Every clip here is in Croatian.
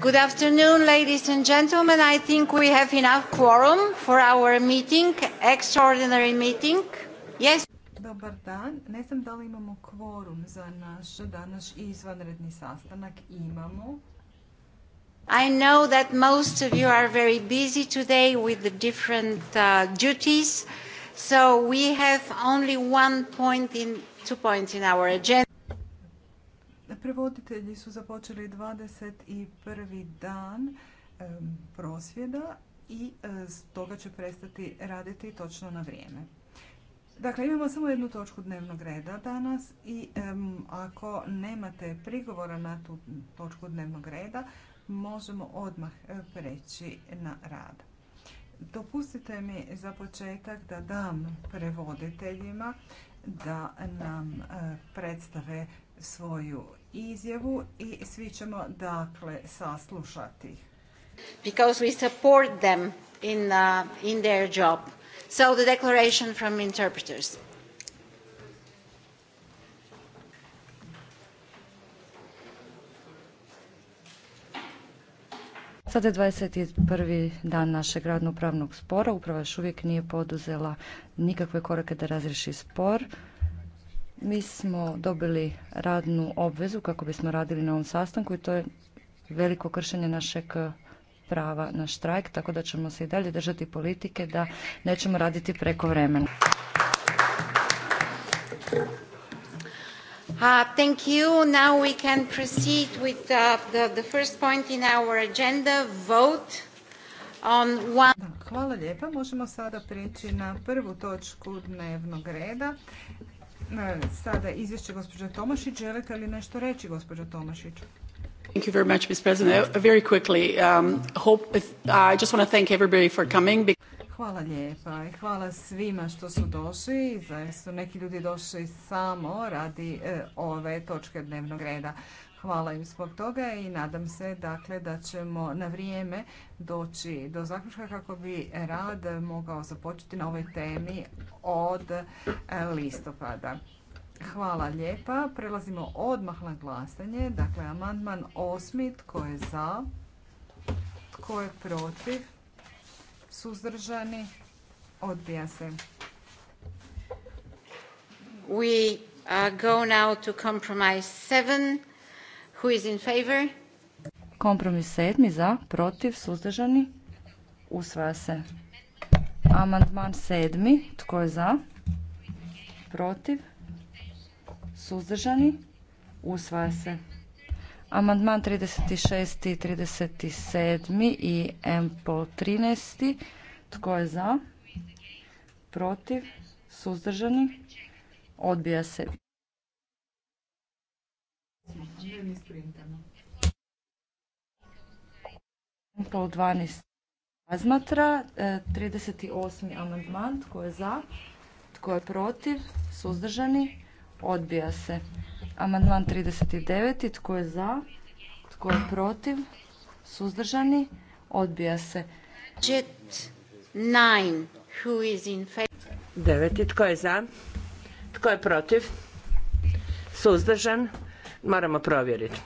Good afternoon, ladies and gentlemen. I think we have enough quorum for our meeting, extraordinary meeting. Yes. Dobar dan. Ne znam da li imamo kvorum za naš danas izvanredni sastanak. Imamo. I know that most of you are very busy today with the different uh, duties, so we have only one point in two points in our agenda. Prevoditelji su započeli 21. dan prosvjeda i e, stoga će prestati raditi točno na vrijeme. Dakle, imamo samo jednu točku dnevnog reda danas i ako nemate prigovora na tu točku dnevnog reda, možemo odmah e, preći na rad. Dopustite mi za početak da dam prevoditeljima da nam e, predstave svoju izjavu i svi ćemo dakle saslušati. Because we support them in, uh, in their job. So the declaration from interpreters. Sada je 21. dan našeg radno spora. Uprava još uvijek nije poduzela nikakve korake da razriješi spor. Mi smo dobili radnu obvezu kako bismo radili na ovom sastanku i to je veliko kršenje našeg prava na štrajk, tako da ćemo se i dalje držati politike da nećemo raditi preko vremena. Uh, thank you. Now we can proceed with uh, the, the first point in our agenda, vote on one... Hvala lijepa. Možemo sada prijeći na prvu točku dnevnog reda sada izvješće gospođa Tomašić. Želite li nešto reći gospođa Tomašić? Thank you very much, Ms. President. Uh, very quickly, um, hope, uh, I just want to thank everybody for coming. Hvala lijepa i hvala svima što su došli. Zaista su neki ljudi došli samo radi e, ove točke dnevnog reda. Hvala im zbog toga i nadam se dakle da ćemo na vrijeme doći do zaključka kako bi rad mogao započeti na ovoj temi od e, listopada. Hvala lijepa. Prelazimo odmah na glasanje. Dakle, amandman osmi. Tko je za? Tko je protiv? Suzdržani? Odbija se. We go now to compromise seven. Who is in favor? Kompromis sedmi za, protiv, suzdržani, usvaja se. Amandman sedmi, tko je za? Protiv, suzdržani, usvaja se. Amandman 36. i 37. i po 13. Tko je za? Protiv? Suzdržani? Odbija se. Živim 12 razmatra, 38. E, amandman, tko je za, tko je protiv, suzdržani, odbija se. Amandman 39. tko je za, tko je protiv, suzdržani, odbija se. 9. Who is Deveti. Tko je za? Tko je protiv? Suzdržan? Moramo provjeriti.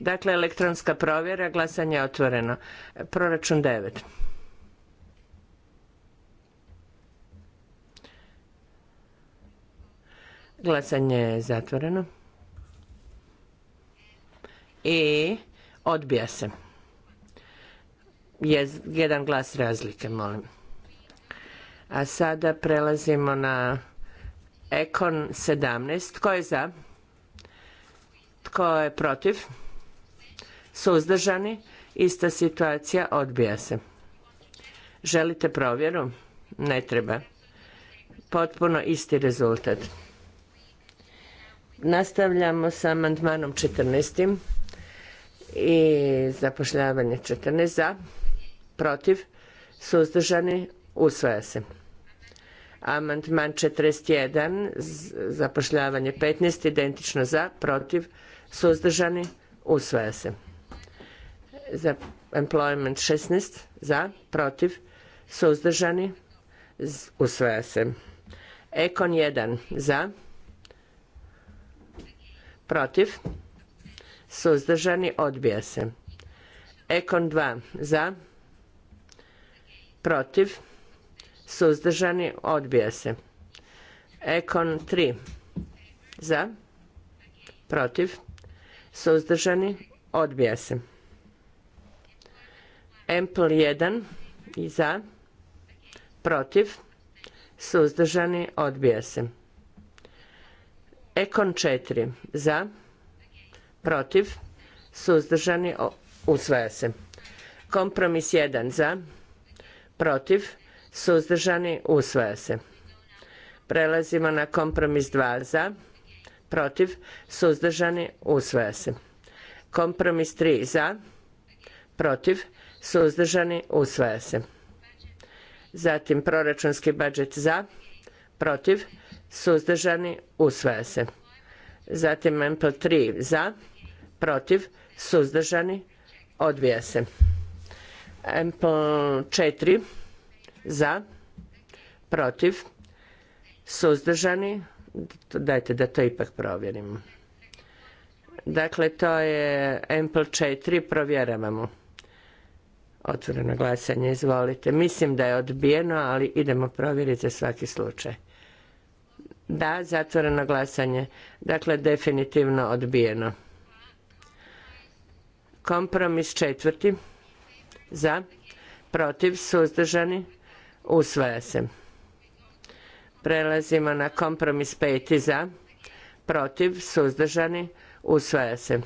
Dakle, elektronska provjera, glasanje je otvoreno. Proračun 9. Glasanje je zatvoreno. I odbija se. jedan glas razlike, molim. A sada prelazimo na Ekon 17. Tko je za? Tko je protiv? Suzdržani? Ista situacija, odbija se. Želite provjeru? Ne treba. Potpuno isti rezultat. Nastavljamo sa amandmanom 14. I zapošljavanje 14 za, protiv, suzdržani, usvaja se. Amandman 41, zapošljavanje 15, identično za, protiv, suzdržani, usvaja se. Za employment 16, za, protiv, suzdržani, usvaja se. Ekon 1, za, protiv, suzdržani, odbija se. Ekon 2, za, protiv, suzdržani, odbija se. Ekon 3, za, protiv, Suzdržani? Odbija se. Ample 1 i za. Protiv? Suzdržani? Odbija se. Ekon 4 za. Protiv? Suzdržani? Usvaja se. Kompromis 1 za. Protiv? Suzdržani? Usvaja se. Prelazimo na kompromis 2 za protiv, suzdržani, usvaja se. Kompromis 3 za, protiv, suzdržani, usvaja se. Zatim proračunski budžet za, protiv, suzdržani, usvaja se. Zatim MP3 za, protiv, suzdržani, odbija se. MP4 za, protiv, suzdržani, dajte da to ipak provjerimo. Dakle, to je Ample 4, provjeravamo. Otvoreno glasanje, izvolite. Mislim da je odbijeno, ali idemo provjeriti za svaki slučaj. Da, zatvoreno glasanje. Dakle, definitivno odbijeno. Kompromis četvrti. Za. Protiv. Suzdržani. Usvaja se. Prelazimo na kompromis peti za, protiv, suzdržani, usvaja se.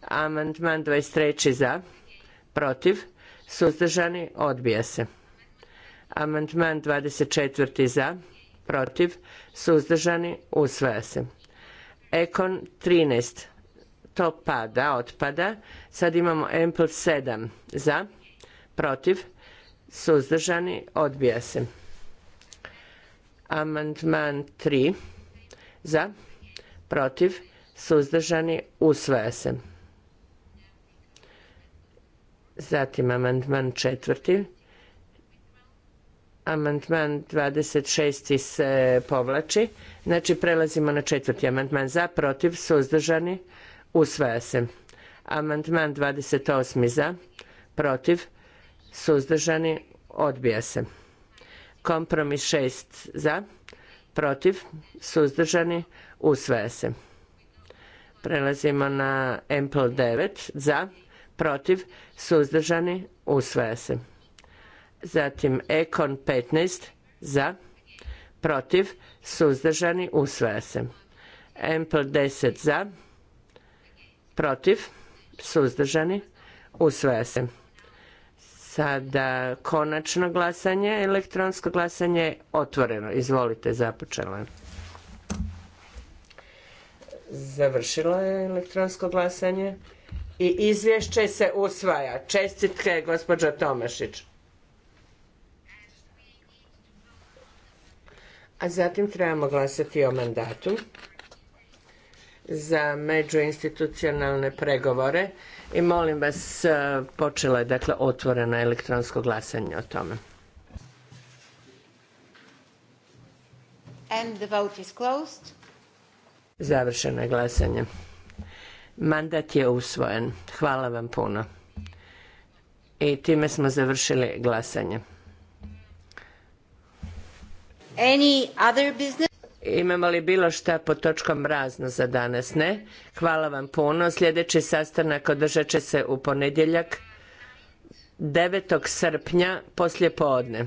Amandman 23. za, protiv, suzdržani, odbija se. Amandman 24. za, protiv, suzdržani, usvaja se. Ekon 13. To pada, otpada. Sad imamo Empl 7 za, protiv, suzdržani, odbija se. Amandman 3. Za. Protiv. Suzdržani. Usvaja se. Zatim amandman četvrti. Amandman 26. se povlači. Znači prelazimo na četvrti amandman. Za, protiv, suzdržani, usvaja se. Amandman 28. za, protiv, suzdržani, odbija se. Kompromis 6 za, protiv, suzdržani, usvaja se. Prelazimo na MPL 9 za, protiv, suzdržani, usvaja se. Zatim Ekon 15 za, protiv, suzdržani, usvaja se. MPL 10 za, protiv, suzdržani, usvaja se. Sada konačno glasanje, elektronsko glasanje je otvoreno. Izvolite, započela. Završilo je elektronsko glasanje i izvješće se usvaja. Čestitke, gospođo Tomašić. A zatim trebamo glasati o mandatu za međuinstitucionalne pregovore i molim vas, e, počelo je dakle otvoreno elektronsko glasanje o tome. And the vote Završeno je glasanje. Mandat je usvojen. Hvala vam puno. I time smo završili glasanje. Any other business? Imamo li bilo šta pod točkom razno za danas? Ne. Hvala vam puno. Sljedeći sastanak održat će se u ponedjeljak 9. srpnja poslje poodne.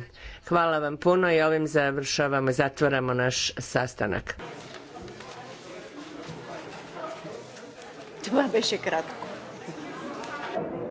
Hvala vam puno i ovim završavamo, zatvoramo naš sastanak. To kratko.